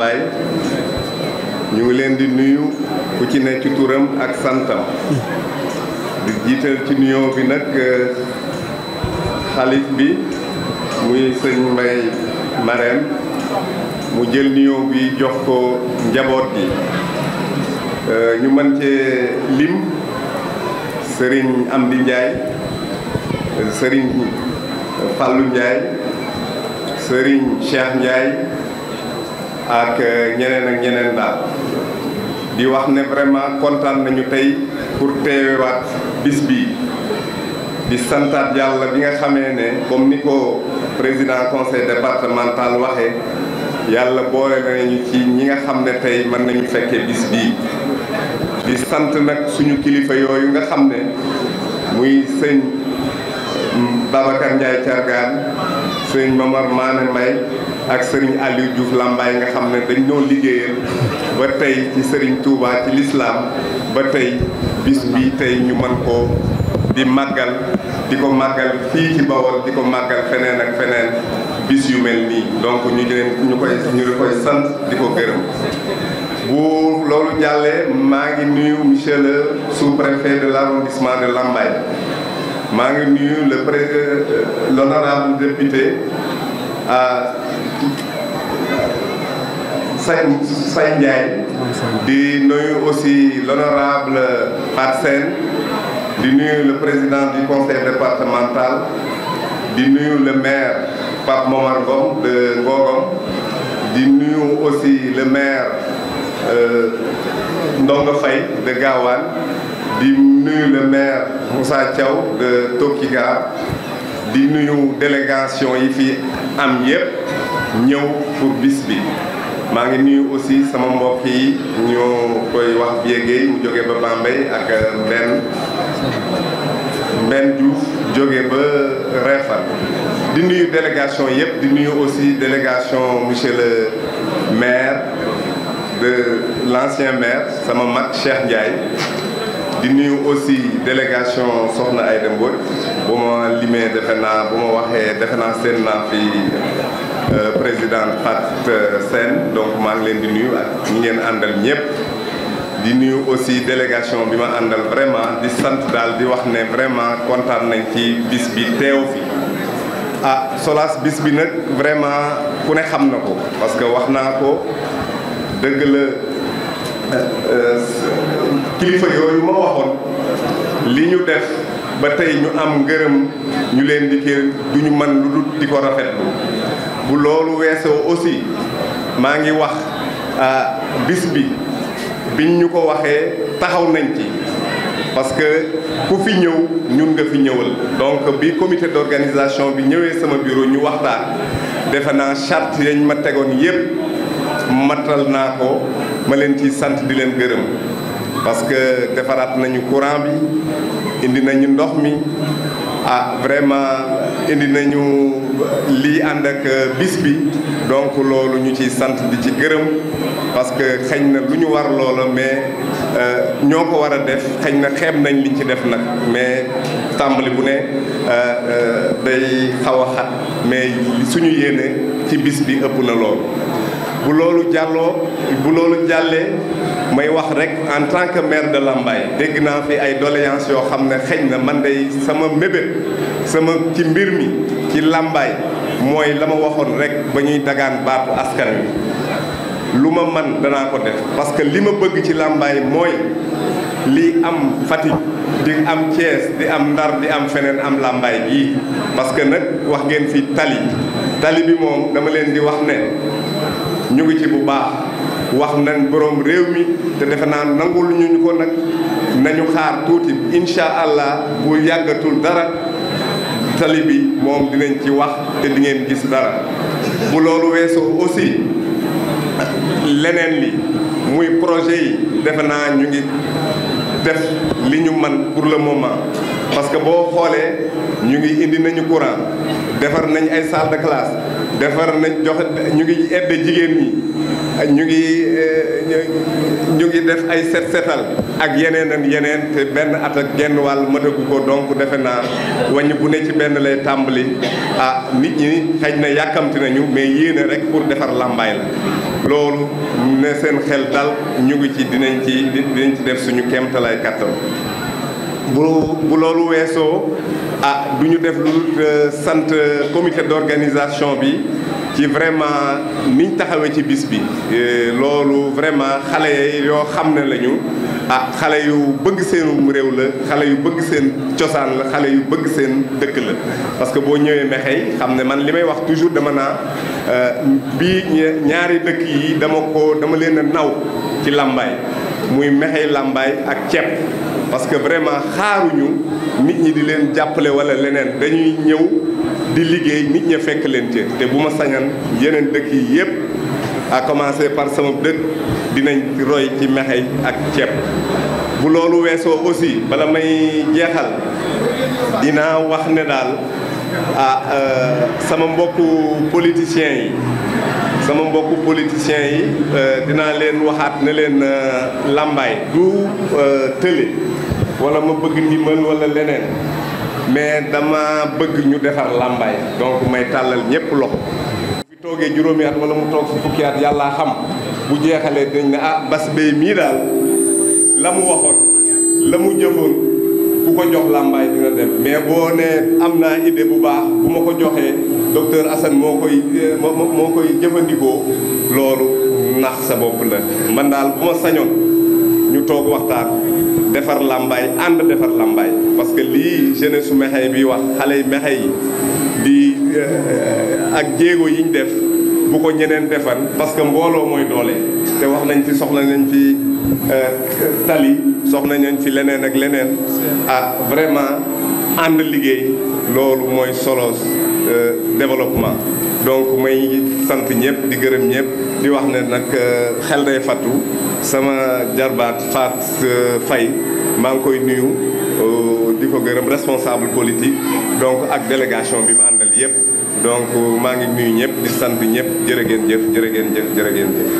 Mbaye ñu ngi leen di nuyu ku ci ne ci turam ak santa di jiital ci nuyoo bi nag euh, xalif bi muy sëñ Mbaye Marème mu jël nuyoo bi jox ko njaboot gi euh, ñu mën cee lim sëriñ Amdi Ndiaye sëriñ Fallou Ndiaye sëriñ Cheikh Ndiaye ak eh, ñeneen ak ñeneen daal di wax ne vraiment kontaan nañu tey pour teewewaat bis bi di santaat yàlla bi nga xamee ne comme ni ko président conseil départemental waxe yàlla boole nañu ci ñi nga xam ne tey mën nañu fekkee bis bii di sant nag suñu kilifa yooyu nga xam ne muy sëñ Babacar Ndiaye Thiargaan sëriñ Momar Maane Mbay ak sëriñ Aliou Diouf Lambaay nga xam ne dañ ñoo liggéeyal ba tey ci sëriñ Touba ci lislaam ba tey bis bi tey ñu mën ko di màggal di ko màggal fii ci Bawol di ko màggal feneen ak feneen bis yu mel nii donc ñu leen sant di ko gërëm bu loolu jàllee maa ngi nuyu monsieur le sous-préfet maa ngi nuyu le euh, euh, aussi l'honorable Pape di président du conseil départemental di nuyu le maire Pape Momar Ngom de di nuyu aussi le maire euh, Ndongo Faye de di nuyu le maire Moussa Thiaw de Tokiga di nuyu délégation yi fi am yëpp ñëw pour bis bi maa ngi nuyu aussi sama mbokk yi ñoo koy wax Biégué mu jóge ba Bambey ak benn benn Diouf jóge ba Réfal di nuyu délégation yëpp di nuyu aussi délégation monsieur le maire de l'ancien maire sama mag Cheikh Ndiaye di nuyu aussi délégation Soxna Aïda Mbodj bu ma limee defe naa bu ma waxee defe naa seen naa fi euh, président Fat euh, Sène donc maa ngi leen di nuyu ak ñi ngeen àndal ñëpp. di nuyu aussi délégation bi ma àndal vraiment di sant daal di wax ne vraiment kontaan nañ ci bis bi teew fi ah Solas bis bi nag vraiment ku ne xam na ko parce que wax naa ko dëgg la. Euh, kilifa yooyu ma waxoon li ñu def ba tey ñu am ngërëm ñu leen di kër ñu man lu dul di ko rafetlu bu loolu weesoo aussi maa ngi wax ah, bis bi bi ñu ko waxee taxaw nañ ci parce que ku fi ñëw ñun nga fi ñëwal donc bi comité d'organisation bi ñëwee sama bureau ñu waxtaan defe naa charte yañ ma tegoon yépp matal naa ko ma leen ci sant di leen gërëm parce que defaraat nañu courant bi indi nañu ndox mi ah vraiment indi nañu lii ànd ak euh, bis bi donc loolu ñu ci sant bi ci gërëm parce que xëñ na lu ñu war loola mais euh, ñoo ko war a def xëñ na xeeb nañ liñ ci def nag mais tàmbali bu ne euh, day xaw a xat mais suñu yéene ci bis bi ëpp na loolu bu loolu jàlloo bu loolu jàllee may wax rek en tant que maire de Lambaye dégg naa fi ay doléances yoo xam ne xëy na man de sama mébét sama ci mbir mi ci làmbaay mooy la ma waxoon rek ba ñuy dagaan baatu askan wi lu ma man danaa ko def parce que li ma bëgg ci Lambaye mooy li am Fatick di am Thiès di am Ndar di am feneen am làmbaay gii parce que nag wax ngeen fii tali tali bi moom dama leen di wax ne ñu ngi ci bu baax wax nañ borom réew mi te defe naa nangul ñu ñu ko nag nañu xaar tuuti incha allah bu yàggatul dara tali bi moom dinañ ci wax te di ngeen gis dara bu loolu weesoo aussi leneen li muy projet yi defe naa ñu ngi def li ñu man pour le moment parce que boo xoolee ñu ngi indi nañu courant defar nañu ay salle de classe defar nañ jox ñu ngi edde jigéen ñi ñu ngi eh, ñu ngi def ay set setal ak yeneen ak yeneen te benn at genn wàll mëtagu ko donc defe naa wañ bu ne ci benn lay tàmbali ah nit ñi xëy na yàkkamti nañu mais yéene rek pour defar làmbaay la loolu ne seen xel dal ñu ngi ci dinañ ci dinañ ci def suñu kéemtalaay kàttan bu bu loolu weesoo ah du ñu def lu euh, sant euh, comité d'organisation bi ci vraiment niñ taxawee ci bis bi euh, loolu vraiment xale yoo xam ne lañu a ah, xale yu bëgg seen réew la xale yu bëgg seen cosaan la xale yu bëgg seen dëkk la parce que boo ñëwee mexey xam ne man li may wax toujours dama naa bii ñaari dëkk yi dama ko dama leen naw ci làmbaay muy mexey làmbaay ak ceeb parce que vraiment xaaruñu nit ñi di leen jàppale wala leneen dañuy ñëw di liggéey nit ña fekk leen ci te bu ma sañan yeneen dëkk yi yëpp à commencer par sama bët dinañ roy ci mexey ak ceeb bu loolu weesoo aussi bala may jeexal dinaa wax ne daal ah euh, sama mbokku politiciens yi sama mbokku politiciens yi euh, dinaa leen waxaat ne leen euh, làmbaay du euh, tële wala ma bëgg ndimbal wala leneen mais dama bëgg ñu defar làmbaay donc may tàllal ñëpp loxo. fi toogee juróomi at wala mu toog fi fukki at yàllaa xam bu jeexalee dañ ne ah bas bay mii daal la mu waxoon la mu jëfoon. ku ko jox làmbaay dina dem mais boo nee am naa idée bu baax bu ma ko joxee docteur Assane moo koy moo koy jëfandikoo loolu nax sa bopp la man daal bu ma sañoon ñu toog waxtaan defar làmbaay ànd defar làmbaay parce que lii jeunesse su Mékhé bi wax xale yi Mékhé yi di eh, ak jéego yiñ def bu ko ñeneen defan parce que mbooloo mooy doole te wax nañ fi soxla nañ fi euh, tali soxla nañ fi leneen ak leneen ah vraiment ànd liggéey loolu mooy solo euh, développement donc mooy sant ñëpp di gërëm ñëpp di wax ne nag euh, xel day fattu sama jarbaat Faat fay maa ngi koy nuyu di ko gërëm responsable politique donc ak délégation bi mu àndal yëpp donc maa ngi nuyu ñëpp di sant ñëpp jërë ngeen jëf jërë ngeen jëf jërë ngeen